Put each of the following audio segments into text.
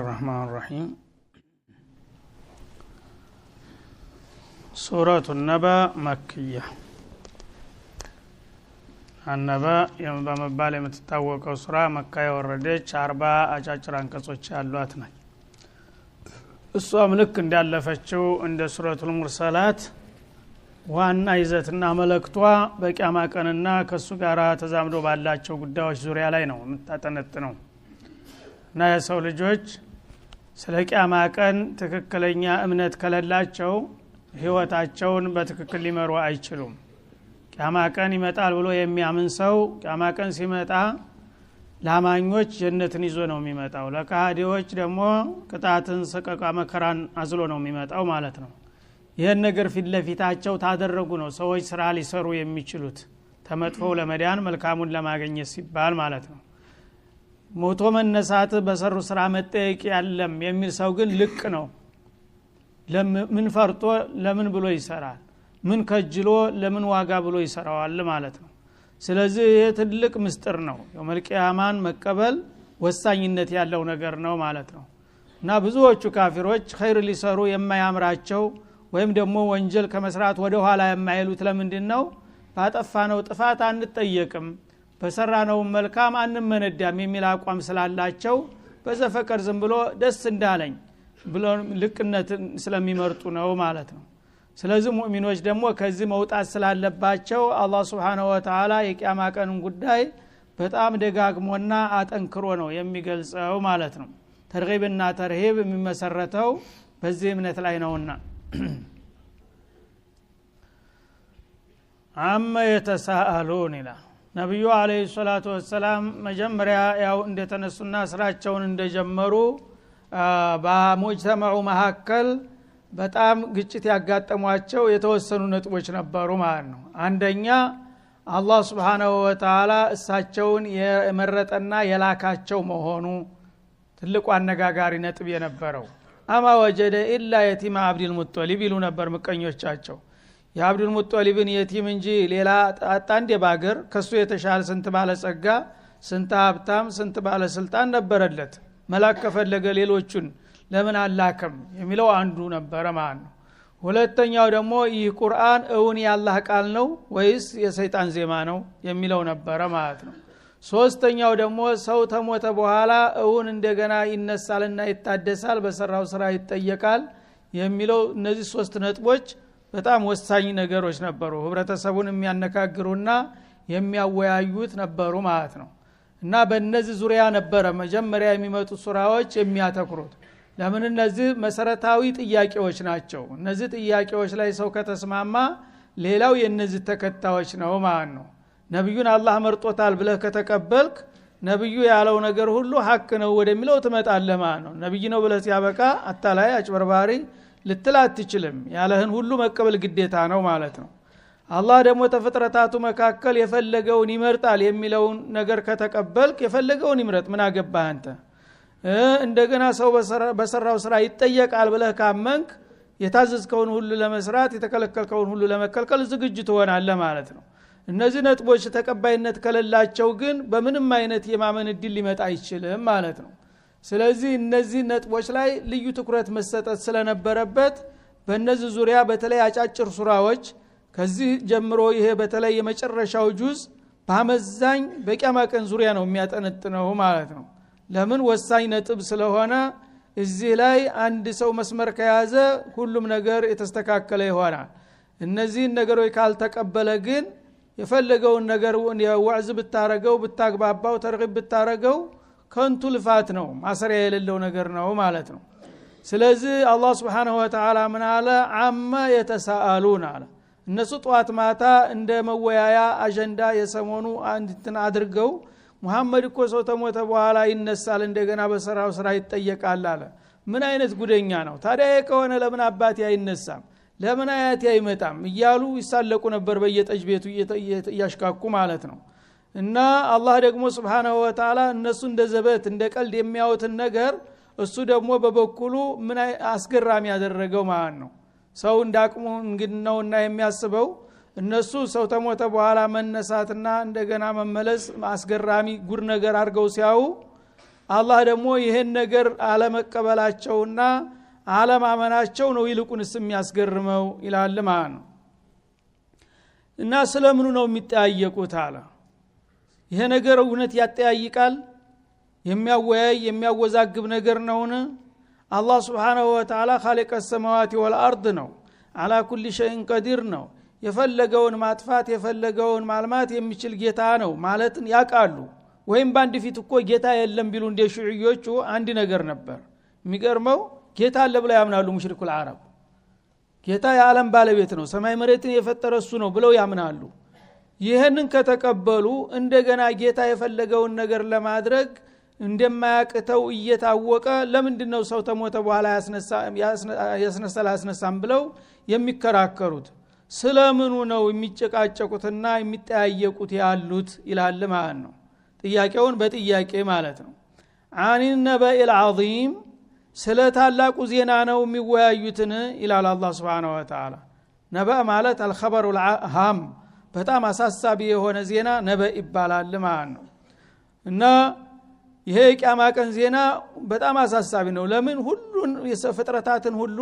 الرحمن الرحيم سورة النبأ مكية አነበእ በመባል የምትታወቀው ስራ መካ የወረደች አርባ አጫጭር አንቀጾች ያሏት ናት እሷም ልክ እንዳለፈችው እንደ ሱረቱል ሙርሰላት ዋና ይዘትና መለክቷ በቂያማ ቀንና ከእሱ ጋር ተዛምዶ ባላቸው ጉዳዮች ዙሪያ ላይ ነው የምታጠነጥ ነው እና የሰው ልጆች ስለ ቅያማ ቀን ትክክለኛ እምነት ከሌላቸው ህይወታቸውን በትክክል ሊመሩ አይችሉም ቅያማ ቀን ይመጣል ብሎ የሚያምን ሰው ቅያማ ቀን ሲመጣ ለአማኞች ጀነትን ይዞ ነው የሚመጣው ለካሃዲዎች ደግሞ ቅጣትን ሰቀቃ መከራን አዝሎ ነው የሚመጣው ማለት ነው ይህን ነገር ፊት ለፊታቸው ታደረጉ ነው ሰዎች ስራ ሊሰሩ የሚችሉት ተመጥፎው ለመዳን መልካሙን ለማገኘት ሲባል ማለት ነው ሞቶ መነሳት በሰሩ ስራ መጠየቅ ያለም የሚል ሰው ግን ልቅ ነው ምን ፈርቶ ለምን ብሎ ይሰራል ምን ከጅሎ ለምን ዋጋ ብሎ ይሰራዋል ማለት ነው ስለዚህ ይህ ትልቅ ምስጥር ነው የመልቅያማን መቀበል ወሳኝነት ያለው ነገር ነው ማለት ነው እና ብዙዎቹ ካፊሮች ኸይር ሊሰሩ የማያምራቸው ወይም ደግሞ ወንጀል ከመስራት ወደ ኋላ የማይሉት ለምንድን ነው ባጠፋ ነው ጥፋት አንጠየቅም በሰራነው መልካም አንመነዳም የሚል አቋም ስላላቸው በዘፈቀድ ዝም ብሎ ደስ እንዳለኝ ብሎ ልቅነትን ስለሚመርጡ ነው ማለት ነው ስለዚህ ሙእሚኖች ደግሞ ከዚህ መውጣት ስላለባቸው አላ ስብን ወተላ የቅያማ ቀንን ጉዳይ በጣም ደጋግሞና አጠንክሮ ነው የሚገልጸው ማለት ነው ተርብና ተርሂብ የሚመሰረተው በዚህ እምነት ላይ ነውና አመ የተሳአሉን ይላል ነቢዩ አለ ሰላቱ ወሰላም መጀመሪያ ያው እንደተነሱና ስራቸውን እንደጀመሩ በሙጅተማዑ መካከል በጣም ግጭት ያጋጠሟቸው የተወሰኑ ነጥቦች ነበሩ ማለት ነው አንደኛ አላህ ስብሓናሁ ወተላ እሳቸውን የመረጠና የላካቸው መሆኑ ትልቁ አነጋጋሪ ነጥብ የነበረው አማ ወጀደ ኢላ የቲማ አብድልሙጠሊብ ይሉ ነበር ምቀኞቻቸው የአብዱልሙጦሊብን የቲም እንጂ ሌላ ጣንድ የባገር ከሱ የተሻለ ስንት ባለጸጋ ስንት ሀብታም ስንት ባለስልጣን ነበረለት መላክ ከፈለገ ሌሎቹን ለምን አላከም የሚለው አንዱ ነበረ ማለት ነው ሁለተኛው ደግሞ ይህ ቁርአን እውን ያላህ ቃል ነው ወይስ የሰይጣን ዜማ ነው የሚለው ነበረ ማለት ነው ሶስተኛው ደግሞ ሰው ተሞተ በኋላ እውን እንደገና ይነሳልና ይታደሳል በሰራው ስራ ይጠየቃል የሚለው እነዚህ ሶስት ነጥቦች በጣም ወሳኝ ነገሮች ነበሩ ህብረተሰቡን የሚያነጋግሩና የሚያወያዩት ነበሩ ማለት ነው እና በእነዚህ ዙሪያ ነበረ መጀመሪያ የሚመጡ ሱራዎች የሚያተኩሩት ለምን እነዚህ መሰረታዊ ጥያቄዎች ናቸው እነዚህ ጥያቄዎች ላይ ሰው ከተስማማ ሌላው የእነዚህ ተከታዮች ነው ማለት ነው ነቢዩን አላህ መርጦታል ብለህ ከተቀበልክ ነብዩ ያለው ነገር ሁሉ ሀቅ ነው ወደሚለው ትመጣለ ማለት ነው ነቢይ ነው ብለህ ሲያበቃ አታላይ አጭበርባሪ ልትል አትችልም ያለህን ሁሉ መቀበል ግዴታ ነው ማለት ነው አላህ ደግሞ ተፍጥረታቱ መካከል የፈለገውን ይመርጣል የሚለውን ነገር ከተቀበልክ የፈለገውን ይምረጥ ምን አገባህ አንተ እንደገና ሰው በሰራው ስራ ይጠየቃል ብለህ ካመንክ የታዘዝከውን ሁሉ ለመስራት የተከለከልከውን ሁሉ ለመከልከል ዝግጅ ትሆናለ ማለት ነው እነዚህ ነጥቦች ተቀባይነት ከሌላቸው ግን በምንም አይነት የማመን እድል ሊመጣ አይችልም ማለት ነው ስለዚህ እነዚህ ነጥቦች ላይ ልዩ ትኩረት መሰጠት ስለነበረበት በእነዚህ ዙሪያ በተለይ አጫጭር ሱራዎች ከዚህ ጀምሮ ይሄ በተለይ የመጨረሻው ጁዝ በአመዛኝ በቂያማ ቀን ዙሪያ ነው የሚያጠነጥነው ማለት ነው ለምን ወሳኝ ነጥብ ስለሆነ እዚህ ላይ አንድ ሰው መስመር ከያዘ ሁሉም ነገር የተስተካከለ ይሆናል እነዚህን ነገሮች ካልተቀበለ ግን የፈለገውን ነገር ወዕዝ ብታረገው ብታግባባው ተርብ ብታረገው ከንቱ ልፋት ነው ማሰሪያ የሌለው ነገር ነው ማለት ነው ስለዚህ አላ ስብሓንሁ ወተላ ምን አለ አመ የተሳአሉን አለ እነሱ ጠዋት ማታ እንደ መወያያ አጀንዳ የሰሞኑ አንድትን አድርገው ሙሐመድ እኮ ሰው ተሞተ በኋላ ይነሳል እንደገና በሰራው ስራ ይጠየቃል አለ ምን አይነት ጉደኛ ነው ታዲያ ከሆነ ለምን አባቴ አይነሳም ለምን አያቴ አይመጣም እያሉ ይሳለቁ ነበር በየጠጅ ቤቱ እያሽካኩ ማለት ነው እና አላህ ደግሞ ስብሓናሁ ወተላ እነሱ እንደ ዘበት እንደ ቀልድ የሚያዩትን ነገር እሱ ደግሞ በበኩሉ ምን አስገራሚ ያደረገው ማለት ነው ሰው ነው እና የሚያስበው እነሱ ሰው ተሞተ በኋላ መነሳትና እንደገና መመለስ አስገራሚ ጉድ ነገር አድርገው ሲያዩ አላህ ደግሞ ይህን ነገር አለመቀበላቸውና አለማመናቸው ነው ይልቁንስ የሚያስገርመው ይላል ማለት ነው እና ስለምኑ ነው የሚጠያየቁት አለ ይሄ ነገር እውነት ያጠያይቃል የሚያወያይ የሚያወዛግብ ነገር ነውን አላህ ስብሓናሁ ወተላ ካሊቀ ሰማዋት ወልአርድ ነው አላ ኩል ሸይን ቀዲር ነው የፈለገውን ማጥፋት የፈለገውን ማልማት የሚችል ጌታ ነው ማለትን ያቃሉ ወይም በአንድ ፊት እኮ ጌታ የለም ቢሉ እንደ ሽዕዮቹ አንድ ነገር ነበር የሚገርመው ጌታ አለ ብለው ያምናሉ ሙሽሪኩ ልአረብ ጌታ የዓለም ባለቤት ነው ሰማይ መሬትን የፈጠረ እሱ ነው ብለው ያምናሉ ይህንን ከተቀበሉ እንደገና ጌታ የፈለገውን ነገር ለማድረግ እንደማያቅተው እየታወቀ ለምንድ ነው ሰው ተሞተ በኋላ ያስነሳል አያስነሳም ብለው የሚከራከሩት ስለምኑ ነው የሚጨቃጨቁትና የሚጠያየቁት ያሉት ይላል ማለት ነው ጥያቄውን በጥያቄ ማለት ነው አኒነበኢ ልዓም ስለ ታላቁ ዜና ነው የሚወያዩትን ይላል አላ ስብን ወተላ ነበእ ማለት አልከበሩ ልሃም በጣም አሳሳቢ የሆነ ዜና ነበ ይባላል ማለት ነው እና ይሄ የቅያማ ቀን ዜና በጣም አሳሳቢ ነው ለምን ሁሉን ፍጥረታትን ሁሉ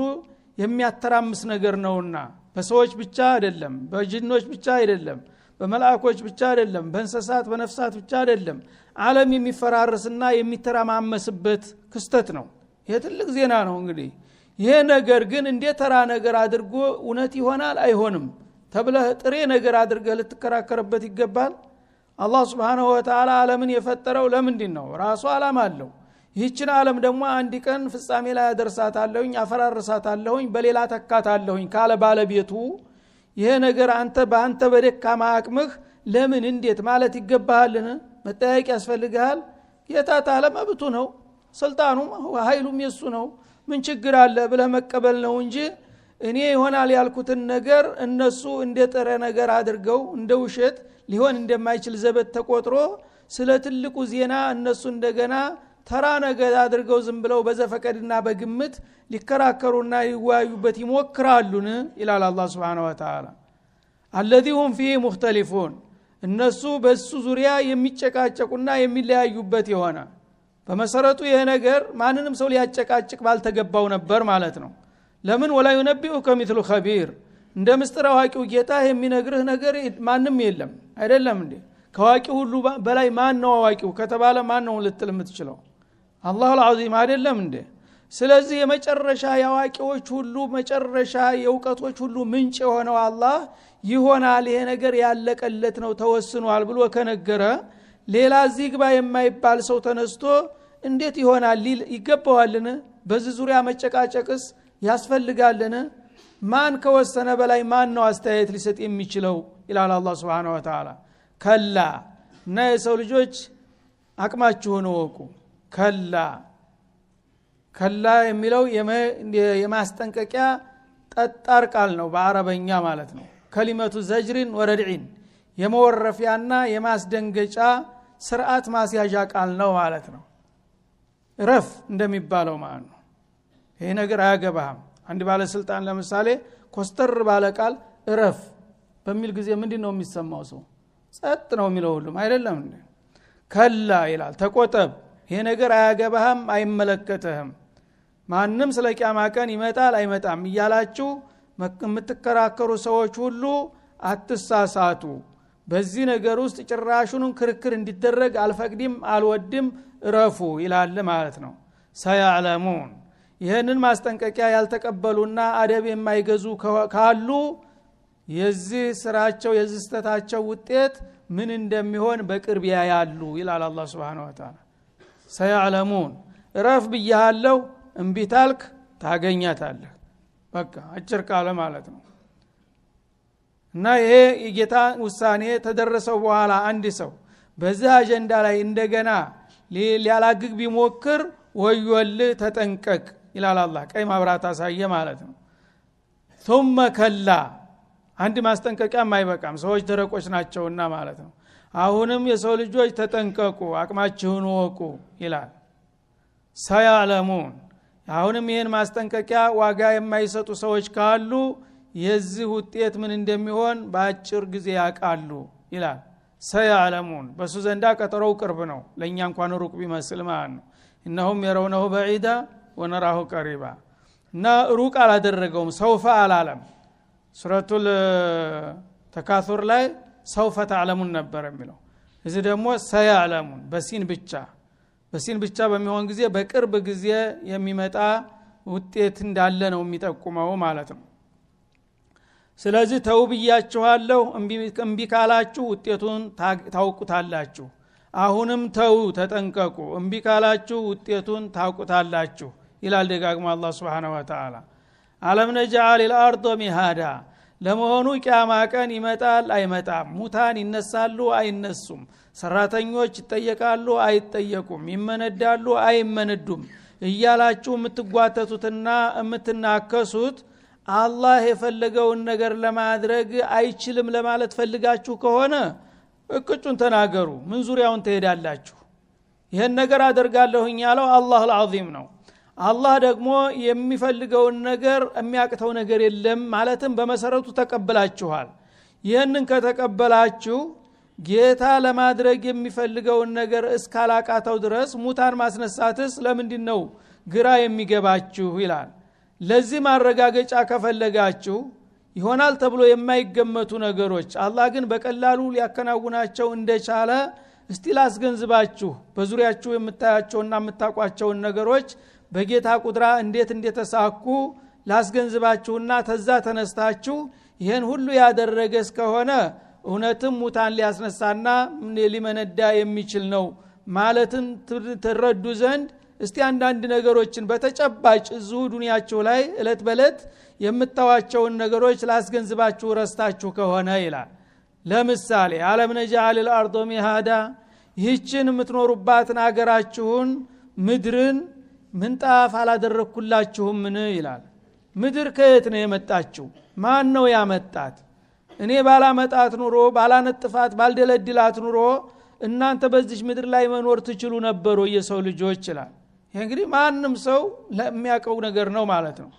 የሚያተራምስ ነገር ነውና በሰዎች ብቻ አይደለም በጅኖች ብቻ አይደለም በመላእኮች ብቻ አይደለም በእንስሳት በነፍሳት ብቻ አይደለም አለም የሚፈራርስና የሚተራማመስበት ክስተት ነው ይሄ ትልቅ ዜና ነው እንግዲህ ይሄ ነገር ግን እንደ ተራ ነገር አድርጎ እውነት ይሆናል አይሆንም ተብለህ ጥሬ ነገር አድርገህ ልትከራከርበት ይገባል አላህ ስብንሁ ወተላ አለምን የፈጠረው ለምንድን ነው ራሱ አላም አለው ይህችን አለም ደግሞ አንድ ቀን ፍጻሜ ላይ ያደርሳታለሁኝ አፈራርሳታለሁኝ በሌላ ተካታለሁኝ ካለ ባለቤቱ ይሄ ነገር አንተ በአንተ በደካማ አቅምህ ለምን እንዴት ማለት ይገባሃልን መጠያየቅ ያስፈልግሃል ጌታ ታለ መብቱ ነው ስልጣኑም ሀይሉም የሱ ነው ምን ችግር አለ ብለህ መቀበል ነው እንጂ እኔ ይሆናል ያልኩትን ነገር እነሱ እንደ ጥረ ነገር አድርገው እንደ ውሸት ሊሆን እንደማይችል ዘበት ተቆጥሮ ስለ ትልቁ ዜና እነሱ እንደገና ተራ ነገር አድርገው ዝም ብለው በዘፈቀድና በግምት ሊከራከሩና ሊወያዩበት ይሞክራሉን ይላል አላ ስብን ወተላ አለዚ ሁም ፊህ ሙክተሊፉን እነሱ በሱ ዙሪያ የሚጨቃጨቁና የሚለያዩበት የሆነ በመሰረቱ ይህ ነገር ማንንም ሰው ሊያጨቃጭቅ ባልተገባው ነበር ማለት ነው ለምን ወላ ዩነቢኡ ከሚትሉ ከቢር እንደ ምስጥር አዋቂው ጌታ የሚነግርህ ነገር ማንም የለም አይደለም እንዴ ከዋቂ ሁሉ በላይ ማን ነው አዋቂው ከተባለ ማን ነው ልትል የምትችለው አላሁ ልዓዚም አይደለም እንዴ ስለዚህ የመጨረሻ የአዋቂዎች ሁሉ መጨረሻ የእውቀቶች ሁሉ ምንጭ የሆነው አላህ ይሆናል ይሄ ነገር ያለቀለት ነው ተወስኗል ብሎ ከነገረ ሌላ እዚህ ግባ የማይባል ሰው ተነስቶ እንዴት ይሆናል ሊል ይገባዋልን በዚህ ዙሪያ መጨቃጨቅስ ያስፈልጋልን ማን ከወሰነ በላይ ማን ነው አስተያየት ሊሰጥ የሚችለው ይላል አላ ስብን ወተላ ከላ እና የሰው ልጆች አቅማችሁን እወቁ ከላ ከላ የሚለው የማስጠንቀቂያ ጠጣር ቃል ነው በአረበኛ ማለት ነው ከሊመቱ ዘጅሪን ወረድዒን የመወረፊያና የማስደንገጫ ስርዓት ማስያዣ ቃል ነው ማለት ነው ረፍ እንደሚባለው ማለት ነው ይህ ነገር አያገባህም አንድ ባለስልጣን ለምሳሌ ኮስተር ባለ ቃል እረፍ በሚል ጊዜ ምንድን ነው የሚሰማው ሰው ጸጥ ነው የሚለው ሁሉም አይደለም ከላ ይላል ተቆጠብ ይሄ ነገር አያገባህም አይመለከተህም ማንም ስለ ቂያማ ቀን ይመጣል አይመጣም እያላችሁ የምትከራከሩ ሰዎች ሁሉ አትሳሳቱ በዚህ ነገር ውስጥ ጭራሹንም ክርክር እንዲደረግ አልፈቅድም አልወድም እረፉ ይላል ማለት ነው ሰያዕለሙን ይህንን ማስጠንቀቂያ ያልተቀበሉና አደብ የማይገዙ ካሉ የዚህ ስራቸው የዚህ ስተታቸው ውጤት ምን እንደሚሆን በቅርብ ያያሉ ይላል አላ ስብን ተላ ሰያዕለሙን እረፍ ብያሃለሁ እምቢታልክ ታልክ ታገኛታለህ በቃ አጭር ቃለ ማለት ነው እና ይሄ የጌታ ውሳኔ ተደረሰው በኋላ አንድ ሰው በዚህ አጀንዳ ላይ እንደገና ሊያላግግ ቢሞክር ወዮልህ ተጠንቀቅ ይላል አላ ቀይ ማብራት አሳየ ማለት ነው ثመ ከላ አንድ ማስጠንቀቂያም አይበቃም ሰዎች ደረቆች ናቸውና ማለት ነው አሁንም የሰው ልጆች ተጠንቀቁ አቅማችሁን ወቁ ይላል ሰያለሙን አሁንም ይህን ማስጠንቀቂያ ዋጋ የማይሰጡ ሰዎች ካሉ የዚህ ውጤት ምን እንደሚሆን በአጭር ጊዜ ያውቃሉ ይላል ሰያለሙን በእሱ ዘንዳ ቀጠሮው ቅርብ ነው ለእኛ እንኳን ሩቅ ቢመስል ማለት ነው እነሁም የረውነሁ በዒዳ ወነራሁ ቀሪባ እና ሩቅ አላደረገውም ሰውፈ አላለም ሱረቱል ተካሱር ላይ ሰውፈ ተዕለሙን ነበር የሚለው እዚህ ደግሞ ሰያዕለሙን በሲን ብቻ በሲን ብቻ በሚሆን ጊዜ በቅርብ ጊዜ የሚመጣ ውጤት እንዳለ ነው የሚጠቁመው ማለት ነው ስለዚህ ተው ብያችኋለሁ እምቢ ካላችሁ ውጤቱን ታውቁታላችሁ አሁንም ተው ተጠንቀቁ እምቢ ካላችሁ ውጤቱን ታውቁታላችሁ ይላል ደጋግሞ አላ ስብን ወተላ አለም ነጃአል ልአርዶ ሚሃዳ ለመሆኑ ቅያማ ቀን ይመጣል አይመጣም ሙታን ይነሳሉ አይነሱም ሰራተኞች ይጠየቃሉ አይጠየቁም ይመነዳሉ አይመነዱም እያላችሁ የምትጓተቱትና የምትናከሱት አላህ የፈለገውን ነገር ለማድረግ አይችልም ለማለት ፈልጋችሁ ከሆነ እቅጩን ተናገሩ ምን ዙሪያውን ትሄዳላችሁ ይህን ነገር አደርጋለሁኝ ያለው አላህ ልዓዚም ነው አላህ ደግሞ የሚፈልገውን ነገር የሚያቅተው ነገር የለም ማለትም በመሰረቱ ተቀብላችኋል ይህንን ከተቀበላችሁ ጌታ ለማድረግ የሚፈልገውን ነገር እስካላቃተው ድረስ ሙታን ማስነሳትስ ለምንድን ነው ግራ የሚገባችሁ ይላል ለዚህ ማረጋገጫ ከፈለጋችሁ ይሆናል ተብሎ የማይገመቱ ነገሮች አላህ ግን በቀላሉ ሊያከናውናቸው እንደቻለ እስቲ ላስገንዝባችሁ በዙሪያችሁ የምታያቸውና የምታቋቸውን ነገሮች በጌታ ቁጥራ እንዴት እንደተሳኩ ላስገንዝባችሁና ተዛ ተነስታችሁ ይህን ሁሉ ያደረገ እስከሆነ እውነትም ሙታን ሊያስነሳና ሊመነዳ የሚችል ነው ማለትም ትረዱ ዘንድ እስቲ አንዳንድ ነገሮችን በተጨባጭ እዙ ዱኒያችሁ ላይ እለት በእለት የምታዋቸውን ነገሮች ላስገንዝባችሁ ረስታችሁ ከሆነ ይላል ለምሳሌ አለም ነጃአል ልአርዶ ሚሃዳ ይህችን የምትኖሩባትን አገራችሁን ምድርን ምንጣፍ አላደረግኩላችሁምን ይላል ምድር ከየት ነው የመጣችው ማን ነው ያመጣት እኔ ባላመጣት ኑሮ ባላነጥፋት ባልደለድላት ኑሮ እናንተ በዚች ምድር ላይ መኖር ትችሉ ነበሩ የሰው ልጆች ይላል ይህ እንግዲህ ማንም ሰው ለሚያውቀው ነገር ነው ማለት ነው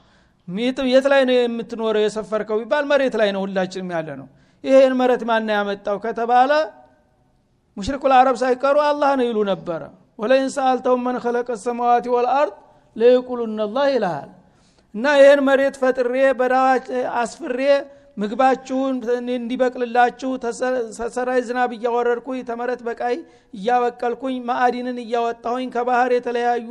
የት ላይ ነው የምትኖረው የሰፈርከው ይባል መሬት ላይ ነው ሁላችንም ያለ ነው ይሄን መሬት ማን ያመጣው ከተባለ ሙሽሪኩል አረብ ሳይቀሩ አላህ ነው ይሉ ነበረ ወለይን ሰአልተውም መን ኸለቀ ሰማዋት ወልአርድ ለየቁሉነ ይልሃል እና ይህን መሬት ፈጥሬ በዳ አስፍሬ ምግባችሁን እንዲበቅልላችሁ ሰራይ ዝናብ እያወረድኩኝ ተመረት በቃይ እያበቀልኩኝ ማዕዲንን እያወጣሁኝ ከባህር የተለያዩ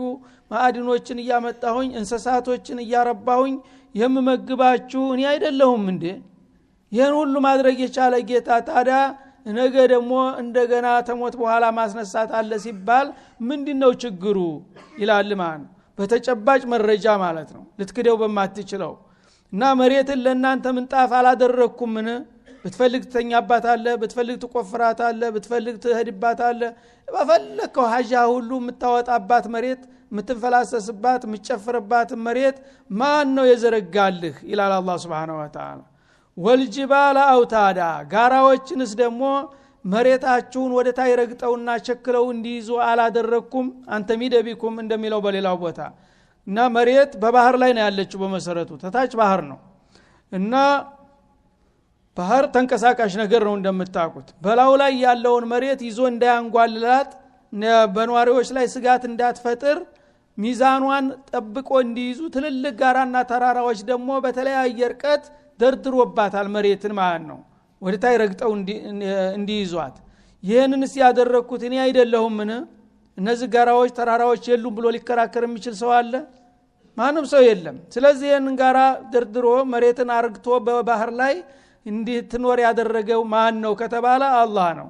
ማዕዲኖችን እያመጣሁኝ እንስሳቶችን እያረባሁኝ የምመግባችሁ እኔ አይደለሁም እንዴ ይህን ሁሉ ማድረግ የቻለ ጌታ ታዲያ ነገ ደግሞ እንደገና ተሞት በኋላ ማስነሳት አለ ሲባል ምንድ ነው ችግሩ ይላል ማለት ነው በተጨባጭ መረጃ ማለት ነው ልትክደው በማትችለው እና መሬትን ለእናንተ ምንጣፍ አላደረግኩምን ብትፈልግ ትተኛባት አለ ብትፈልግ ትቆፍራት አለ ብትፈልግ ትህድባት አለ በፈለግከው ሀዣ ሁሉ የምታወጣባት መሬት የምትንፈላሰስባት የምትጨፍርባትን መሬት ማን ነው የዘረጋልህ ይላል አላ ስብን ተላ ወልጅባለ አውታዳ ጋራዎችንስ ደግሞ መሬታችሁን ወደ ታይ ረግጠውና ቸክለው እንዲይዙ አላደረግኩም አንተ ሚደቢኩም እንደሚለው በሌላው ቦታ እና መሬት በባህር ላይ ነው ያለችው በመሰረቱ ተታች ባህር ነው እና ባህር ተንቀሳቃሽ ነገር ነው እንደምታቁት በላው ላይ ያለውን መሬት ይዞ እንዳያንጓልላት በነዋሪዎች ላይ ስጋት እንዳትፈጥር ሚዛኗን ጠብቆ እንዲይዙ ትልልቅ ጋራና ተራራዎች ደግሞ በተለያየ እርቀት ደርድሮባታል መሬትን ማለት ነው ታይ ረግጠው እንዲይዟት ይህንንስ ያደረግኩት እኔ አይደለሁምን እነዚህ ጋራዎች ተራራዎች የሉም ብሎ ሊከራከር የሚችል ሰው አለ ማንም ሰው የለም ስለዚህ ይህንን ጋራ ደርድሮ መሬትን አርግቶ በባህር ላይ እንድትኖር ያደረገው ማን ነው ከተባለ አላህ ነው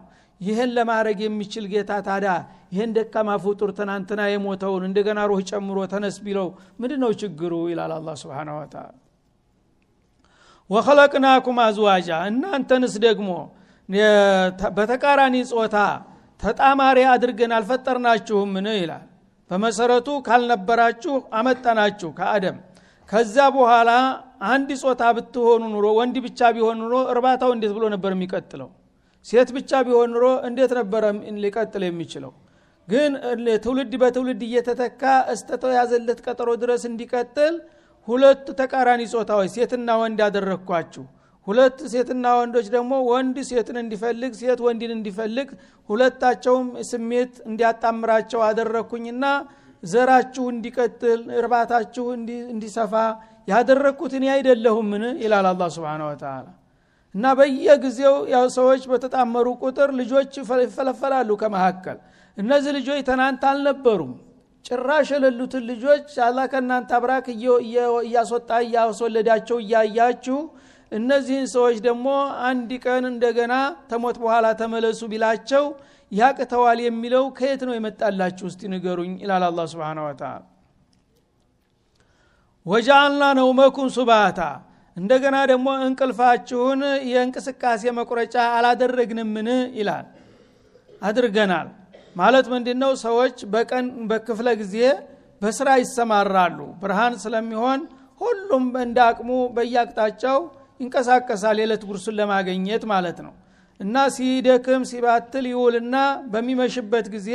ይህን ለማድረግ የሚችል ጌታ ታዳ ይህን ደካማ ፍጡር ትናንትና የሞተውን እንደገና ሩህ ጨምሮ ተነስ ቢለው ምንድ ነው ችግሩ ይላል አላ ስብን ወተላ ወኸለቅናኩም አዝዋጃ እናንተንስ ደግሞ በተቃራኒ ጾታ ተጣማሪ አድርገን አልፈጠርናችሁምን ይላል በመሰረቱ ካልነበራችሁ አመጣናችሁ ከአደም ከዛ በኋላ አንድ ጾታ ብትሆኑ ኑሮ ወንድ ብቻ ቢሆን ኑሮ እርባታው እንዴት ብሎ ነበር የሚቀጥለው ሴት ብቻ ቢሆን ኑሮ እንዴት ነበረ ሊቀጥል የሚችለው ግን ትውልድ በትውልድ እየተተካ እስተተያዘለት ቀጠሮ ድረስ እንዲቀጥል ሁለት ተቃራኒ ጾታዎች ሴትና ወንድ አደረግኳችሁ ሁለት ሴትና ወንዶች ደግሞ ወንድ ሴትን እንዲፈልግ ሴት ወንድን እንዲፈልግ ሁለታቸውም ስሜት እንዲያጣምራቸው አደረግኩኝና ዘራችሁ እንዲቀጥል እርባታችሁ እንዲሰፋ ያደረግኩት እኔ አይደለሁምን ይላል አላ ስብን ወተላ እና በየጊዜው ያው ሰዎች በተጣመሩ ቁጥር ልጆች ይፈለፈላሉ ከመካከል እነዚህ ልጆች ትናንት አልነበሩም ጭራሽ የሌሉትን ልጆች አላ ከእናንተ አብራክ እያስወጣ እያስወለዳቸው እያያችሁ እነዚህን ሰዎች ደግሞ አንድ ቀን እንደገና ተሞት በኋላ ተመለሱ ቢላቸው ያቅተዋል የሚለው ከየት ነው የመጣላችሁ እስቲ ንገሩኝ ይላል አላ ስብን ወተላ ወጃአልና ነውመኩም ሱባታ እንደገና ደግሞ እንቅልፋችሁን የእንቅስቃሴ መቁረጫ አላደረግንምን ይላል አድርገናል ማለት ምንድነው ሰዎች በቀን በክፍለ ጊዜ በስራ ይሰማራሉ ብርሃን ስለሚሆን ሁሉም እንደ አቅሙ በየአቅጣጫው ይንቀሳቀሳል የዕለት ጉርሱን ለማገኘት ማለት ነው እና ሲደክም ሲባትል ይውልና በሚመሽበት ጊዜ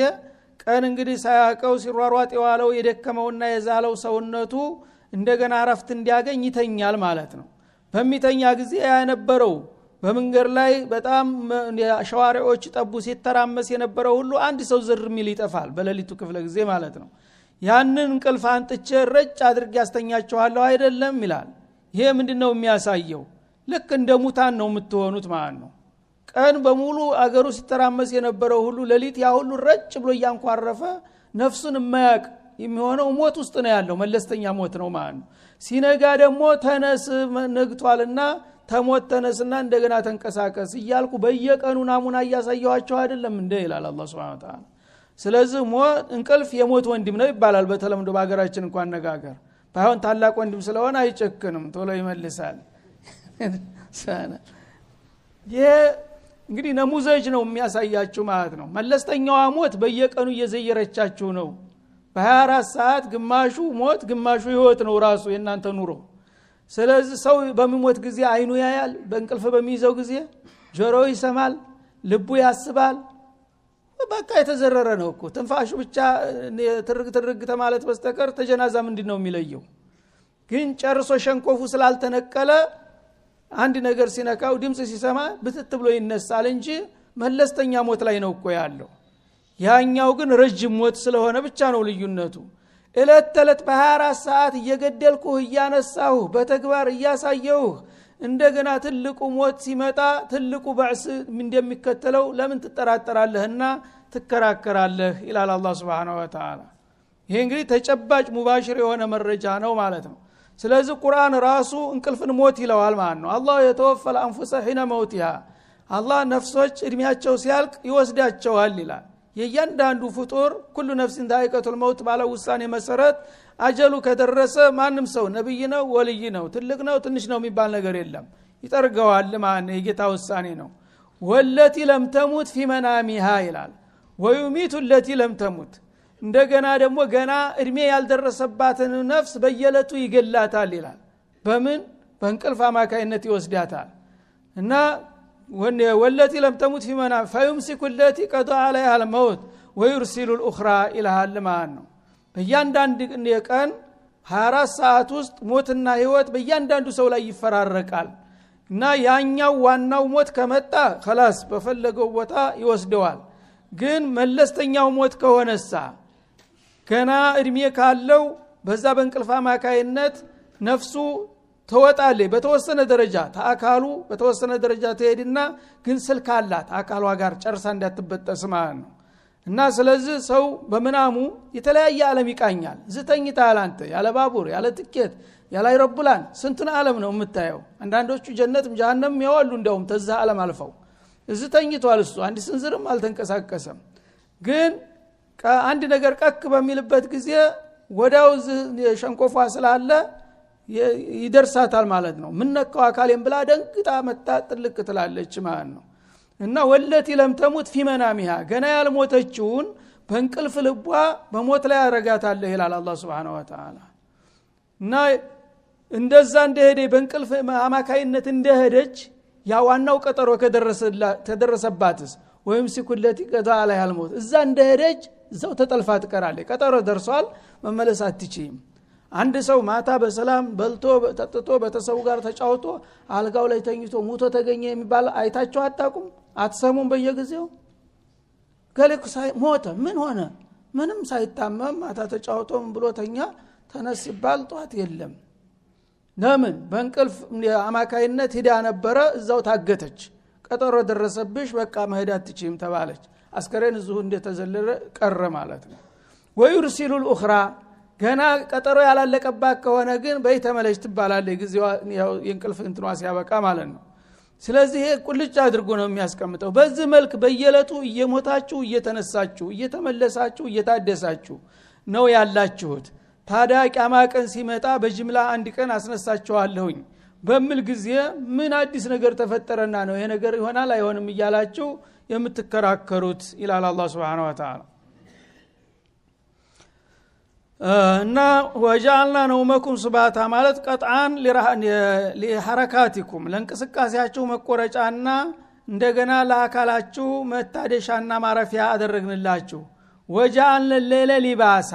ቀን እንግዲህ ሳያቀው ሲሯሯጥ የዋለው የደከመውና የዛለው ሰውነቱ እንደገና ረፍት እንዲያገኝ ይተኛል ማለት ነው በሚተኛ ጊዜ ያነበረው በመንገድ ላይ በጣም ሸዋሪዎች ጠቡ ሲተራመስ የነበረው ሁሉ አንድ ሰው ዝር የሚል ይጠፋል በሌሊቱ ክፍለ ጊዜ ማለት ነው ያንን እንቅልፍ አንጥቼ ረጭ አድርጌ ያስተኛችኋለሁ አይደለም ይላል ይሄ ምንድ ነው የሚያሳየው ልክ እንደ ሙታን ነው የምትሆኑት ማለት ነው ቀን በሙሉ አገሩ ሲተራመስ የነበረው ሁሉ ሌሊት ያ ሁሉ ረጭ ብሎ እያንኳረፈ ነፍሱን የማያቅ የሚሆነው ሞት ውስጥ ነው ያለው መለስተኛ ሞት ነው ማለት ነው ሲነጋ ደግሞ ተነስ ነግቷልና ተሞት ተነስና እንደገና ተንቀሳቀስ እያልኩ በየቀኑ ናሙና እያሳየኋቸው አይደለም እንደ ይላል አላ ስብን ታላ ስለዚህ እንቅልፍ የሞት ወንድም ነው ይባላል በተለምዶ በሀገራችን እንኳ አነጋገር ባይሆን ታላቅ ወንድም ስለሆነ አይጨክንም ቶሎ ይመልሳል ይሄ እንግዲህ ነሙዘጅ ነው የሚያሳያችሁ ማለት ነው መለስተኛዋ ሞት በየቀኑ እየዘየረቻችሁ ነው በ24 ሰዓት ግማሹ ሞት ግማሹ ህይወት ነው ራሱ የእናንተ ኑሮ ስለዚህ ሰው በሚሞት ጊዜ አይኑ ያያል በእንቅልፍ በሚይዘው ጊዜ ጆሮው ይሰማል ልቡ ያስባል በቃ የተዘረረ ነው እኮ ትንፋሹ ብቻ ትርግ ትርግ ተማለት በስተቀር ተጀናዛ ምንድ ነው የሚለየው ግን ጨርሶ ሸንኮፉ ስላልተነቀለ አንድ ነገር ሲነካው ድምፅ ሲሰማ ብትት ብሎ ይነሳል እንጂ መለስተኛ ሞት ላይ ነው እኮ ያለው ያኛው ግን ረጅም ሞት ስለሆነ ብቻ ነው ልዩነቱ እለት ተዕለት በ24 ሰዓት እየገደልኩህ እያነሳሁህ በተግባር እያሳየሁህ እንደገና ትልቁ ሞት ሲመጣ ትልቁ በዕስ እንደሚከተለው ለምን ትጠራጠራለህና ትከራከራለህ ይላል አላ ስብን ወተላ ይሄ እንግዲህ ተጨባጭ ሙባሽር የሆነ መረጃ ነው ማለት ነው ስለዚህ ቁርአን ራሱ እንቅልፍን ሞት ይለዋል ማለት ነው አላሁ የተወፈለ አንፉሰ ሒነ መውቲሃ አላህ ነፍሶች እድሜያቸው ሲያልቅ ይወስዳቸዋል ይላል የእያንዳንዱ ፍጡር ኩሉ ነፍስን ዳይቀቱል መውት ባለው ውሳኔ መሰረት አጀሉ ከደረሰ ማንም ሰው ነቢይ ነው ወልይ ነው ትልቅ ነው ትንሽ ነው የሚባል ነገር የለም ይጠርገዋል ማለት የጌታ ውሳኔ ነው ወለቲ ለምተሙት ፊመናሚሃ ይላል ወዩሚቱ ለቲ ለምተሙት እንደገና ደግሞ ገና እድሜ ያልደረሰባትን ነፍስ በየለቱ ይገላታል ይላል በምን በእንቅልፍ አማካይነት ይወስዳታል እና ወለቲ ለምተሙት ፊመና ፈዩምሲኩ ለቲ ቀዶ አለይሃ ልመውት ወዩርሲሉ ልኡኽራ ይልሃል ማለት ነው በእያንዳንድ የቀን 24 ሰዓት ውስጥ ሞትና ህይወት በእያንዳንዱ ሰው ላይ ይፈራረቃል እና ያኛው ዋናው ሞት ከመጣ ከላስ በፈለገው ቦታ ይወስደዋል ግን መለስተኛው ሞት ከሆነሳ ገና እድሜ ካለው በዛ በእንቅልፍ አማካይነት ነፍሱ ተወጣለች በተወሰነ ደረጃ ተአካሉ በተወሰነ ደረጃ ትሄድና ግን ስልክ አላት አካሏ ጋር ጨርሳ እንዳትበጠስ ማለት ነው እና ስለዚህ ሰው በምናሙ የተለያየ ዓለም ይቃኛል ዝተኝታ ያላንተ ያለ ባቡር ያለ ትኬት ያለ አይሮፕላን ስንቱን ዓለም ነው የምታየው አንዳንዶቹ ጀነትም ጃሃንም ያዋሉ እንደውም ተዛ ዓለም አልፈው እዚ እሱ አንድ ስንዝርም አልተንቀሳቀሰም ግን አንድ ነገር ቀክ በሚልበት ጊዜ ወዳው ሸንኮፏ ስላለ ይደርሳታል ማለት ነው ምነቀው አካሌም ብላ ደንግጣ መታ ጥልቅ ትላለች ማለት ነው እና ወለቲ ለምተሙት ፊመናሚሃ ገና ያልሞተችውን በእንቅልፍ ልቧ በሞት ላይ ያረጋታለህ ይላል አላ ስብን ወተላ እና እንደዛ እንደሄደ በእንቅልፍ አማካይነት እንደሄደች ያ ዋናው ቀጠሮ ተደረሰባትስ ወይም ሲኩለቲ ቀዛ ላይ ያልሞት እዛ እንደሄደች እዛው ተጠልፋ ትቀራለች ቀጠሮ ደርሷል መመለስ አትችይም አንድ ሰው ማታ በሰላም በልቶ ጠጥቶ በተሰቡ ጋር ተጫውቶ አልጋው ላይ ተኝቶ ሙቶ ተገኘ የሚባል አይታቸው አታቁም አትሰሙም በየጊዜው ገሌኩ ሞተ ምን ሆነ ምንም ሳይታመም ማታ ተጫውቶ ምን ብሎ ተኛ ተነስ ይባል ጠዋት የለም ለምን በእንቅልፍ አማካይነት ሂዳ ነበረ እዛው ታገተች ቀጠሮ ደረሰብሽ በቃ መሄድ አትችም ተባለች አስከሬን እዙሁ እንደተዘለለ ቀረ ማለት ነው ወዩርሲሉ ልኡኽራ ገና ቀጠሮ ያላለቀባት ከሆነ ግን በይ ተመለሽ ትባላለ ጊዜዋ የእንቅልፍ እንትኗ ሲያበቃ ማለት ነው ስለዚህ ቁልጭ አድርጎ ነው የሚያስቀምጠው በዚህ መልክ በየለቱ እየሞታችሁ እየተነሳችሁ እየተመለሳችሁ እየታደሳችሁ ነው ያላችሁት ታዲያ ቂያማ ቀን ሲመጣ በጅምላ አንድ ቀን አስነሳችኋለሁኝ በምል ጊዜ ምን አዲስ ነገር ተፈጠረና ነው ይሄ ነገር ይሆናል አይሆንም እያላችሁ የምትከራከሩት ይላል አላ ስብን ተላ እና ወጃአልና መኩም ስባታ ማለት ቀጥአን ሊሐረካቲኩም ለእንቅስቃሴያችሁ መቆረጫና እንደገና ለአካላችሁ መታደሻና ማረፊያ አደረግንላችሁ ወጃአልን ሌለ ሊባሳ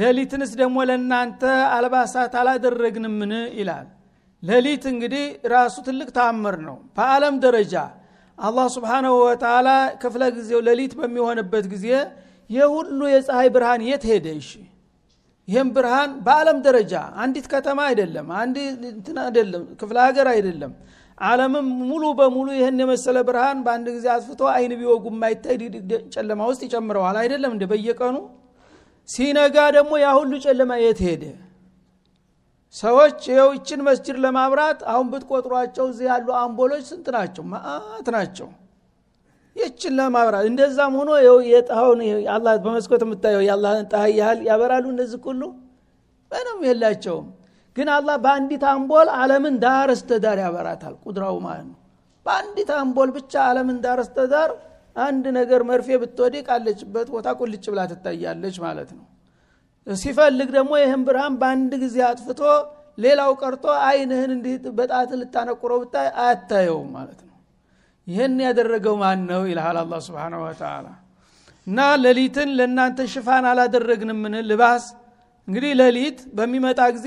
ሌሊትንስ ደግሞ ለእናንተ አልባሳት አላደረግንምን ይላል ሌሊት እንግዲህ ራሱ ትልቅ ተአምር ነው በአለም ደረጃ አላህ ስብሓናሁ ወተላ ክፍለ ጊዜው ሌሊት በሚሆንበት ጊዜ የሁሉ የፀሐይ ብርሃን የት ሄደ ይሽ ይህም ብርሃን በአለም ደረጃ አንዲት ከተማ አይደለም አንድ እንትን አይደለም ክፍለ ሀገር አይደለም አለምም ሙሉ በሙሉ ይህን የመሰለ ብርሃን በአንድ ጊዜ አጥፍቶ አይን ቢወጉ የማይታይ ጨለማ ውስጥ ይጨምረዋል አይደለም እንደ በየቀኑ ሲነጋ ደግሞ ያ ሁሉ ጨለማ የት ሄደ ሰዎች የውችን መስጅድ ለማብራት አሁን ብትቆጥሯቸው እዚህ ያሉ አምቦሎች ስንት ናቸው ማአት ናቸው ይችን ለማብራት እንደዛም ሆኖ የጣሁን አላ በመስኮት የምታየው የአላህን ጣህ ያህል ያበራሉ እነዚህ ሁሉ ምንም የላቸውም ግን አላህ በአንዲት አምቦል አለምን ዳር እስተዳር ያበራታል ቁድራው ማለት ነው በአንዲት አምቦል ብቻ አለምን ዳር እስተዳር አንድ ነገር መርፌ ብትወድቅ አለችበት ቦታ ቁልጭ ብላ ትታያለች ማለት ነው ሲፈልግ ደግሞ ይህን ብርሃን በአንድ ጊዜ አጥፍቶ ሌላው ቀርቶ አይንህን እንዲህ በጣት ልታነቁረው ብታይ አያታየውም ማለት ነው ይህን ያደረገው ማን ነው ይልሃል አላ ስብን ወተላ እና ሌሊትን ለእናንተ ሽፋን አላደረግንምን ልባስ እንግዲህ ሌሊት በሚመጣ ጊዜ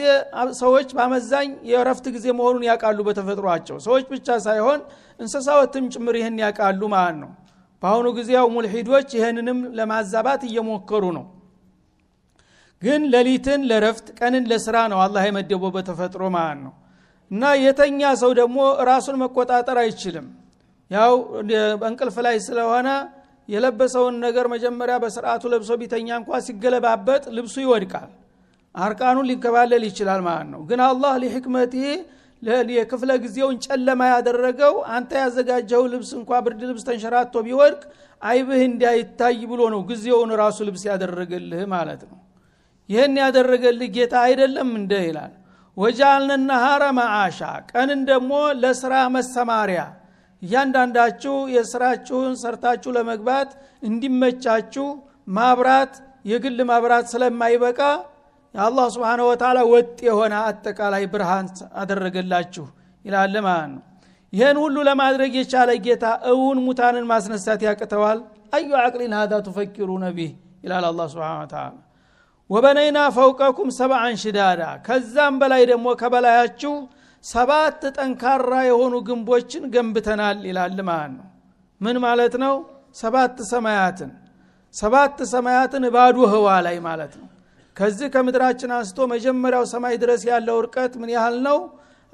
ሰዎች በአመዛኝ የእረፍት ጊዜ መሆኑን ያውቃሉ በተፈጥሯቸው ሰዎች ብቻ ሳይሆን እንስሳዎትም ጭምር ይህን ያውቃሉ ማለት ነው በአሁኑ ጊዜ ሙልሂዶች ይህንንም ለማዛባት እየሞከሩ ነው ግን ሌሊትን ለረፍት ቀንን ለስራ ነው አላ የመደቦ በተፈጥሮ ማለት ነው እና የተኛ ሰው ደግሞ ራሱን መቆጣጠር አይችልም ያው እንቅልፍ ላይ ስለሆነ የለበሰውን ነገር መጀመሪያ በስርዓቱ ለብሶ ቢተኛ እንኳ ሲገለባበጥ ልብሱ ይወድቃል አርቃኑን ሊከባለል ይችላል ማለት ነው ግን አላህ ሊሕክመትህ የክፍለ ጊዜውን ጨለማ ያደረገው አንተ ያዘጋጀው ልብስ እንኳ ብርድ ልብስ ተንሸራቶ ቢወድቅ አይብህ እንዲይታይ ብሎ ነው ጊዜውን ራሱ ልብስ ያደረገልህ ማለት ነው ይህን ያደረገልህ ጌታ አይደለም እንደ ይላል ወጃልነ ነሃረ መአሻ ቀንን ደግሞ ለስራ መሰማሪያ እያንዳንዳችሁ የስራችሁን ሰርታችሁ ለመግባት እንዲመቻችሁ ማብራት የግል ማብራት ስለማይበቃ የአላህ ስብን ወተላ ወጥ የሆነ አጠቃላይ ብርሃን አደረገላችሁ ይላለ ማለት ነው ይህን ሁሉ ለማድረግ የቻለ ጌታ እውን ሙታንን ማስነሳት ያቅተዋል አዩ አቅሊን ሀዛ ቱፈኪሩ ነቢህ ይላል አላ ስብን ተላ ወበነይና ፈውቀኩም ሰብአን ሽዳዳ ከዛም በላይ ደግሞ ከበላያችሁ ሰባት ጠንካራ የሆኑ ግንቦችን ገንብተናል ይላል ማለት ነው ምን ማለት ነው ሰባት ሰማያትን ሰባት ሰማያትን ባዶ ህዋ ላይ ማለት ነው ከዚህ ከምድራችን አንስቶ መጀመሪያው ሰማይ ድረስ ያለው እርቀት ምን ያህል ነው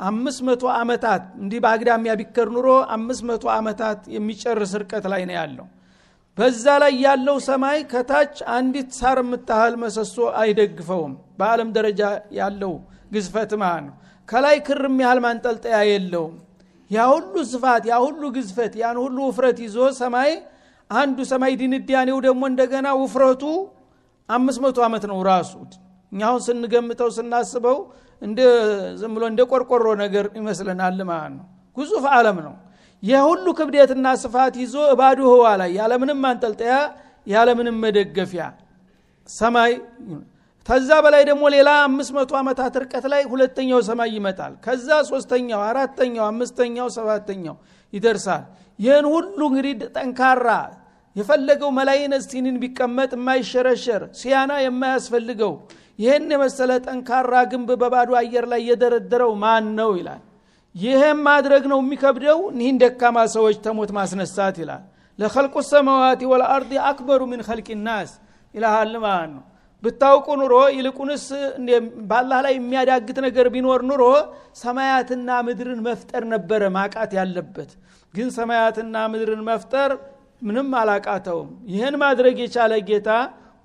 አምስት መቶ ዓመታት እንዲህ በአግዳሚያ ቢከር ኑሮ አምስት መቶ ዓመታት የሚጨርስ እርቀት ላይ ነው ያለው በዛ ላይ ያለው ሰማይ ከታች አንዲት ሳር የምታህል መሰሶ አይደግፈውም በአለም ደረጃ ያለው ግዝፈት ማለት ነው ከላይ ክርም ያህል ማንጠልጠያ የለውም ያ ሁሉ ስፋት ያ ሁሉ ግዝፈት ያን ሁሉ ውፍረት ይዞ ሰማይ አንዱ ሰማይ ድንዳኔው ደግሞ እንደገና ውፍረቱ አምስት መቶ ዓመት ነው ራሱ እኛሁን ስንገምተው ስናስበው እንደ ዝም ብሎ እንደ ቆርቆሮ ነገር ይመስለናል ማለት ነው ግዙፍ አለም ነው የሁሉ ክብደትና ስፋት ይዞ እባዱ ህዋ ላይ ያለምንም ማንጠልጠያ ያለምንም መደገፊያ ሰማይ ከዛ በላይ ደግሞ ሌላ አምስት መቶ ዓመታት ርቀት ላይ ሁለተኛው ሰማይ ይመጣል ከዛ ሶስተኛው አራተኛው አምስተኛው ሰባተኛው ይደርሳል ይህን ሁሉ እንግዲህ ጠንካራ የፈለገው መላይነስቲንን ቢቀመጥ የማይሸረሸር ሲያና የማያስፈልገው ይህን የመሰለ ጠንካራ ግንብ በባዶ አየር ላይ የደረደረው ማን ነው ይላል ይህም ማድረግ ነው የሚከብደው ኒህን ደካማ ሰዎች ተሞት ማስነሳት ይላል ለከልቁ ሰማዋት ወልአርድ አክበሩ ምን ከልቅ ናስ ይልሃል ማለት ነው ብታውቁ ኑሮ ይልቁንስ በአላህ ላይ የሚያዳግት ነገር ቢኖር ኑሮ ሰማያትና ምድርን መፍጠር ነበረ ማቃት ያለበት ግን ሰማያትና ምድርን መፍጠር ምንም አላቃተውም ይህን ማድረግ የቻለ ጌታ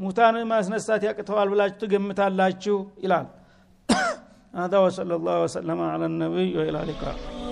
ሙታን ማስነሳት ያቅተዋል ብላችሁ ትገምታላችሁ ይላል هذا وصلى الله وسلم على النبي وإلى اللقاء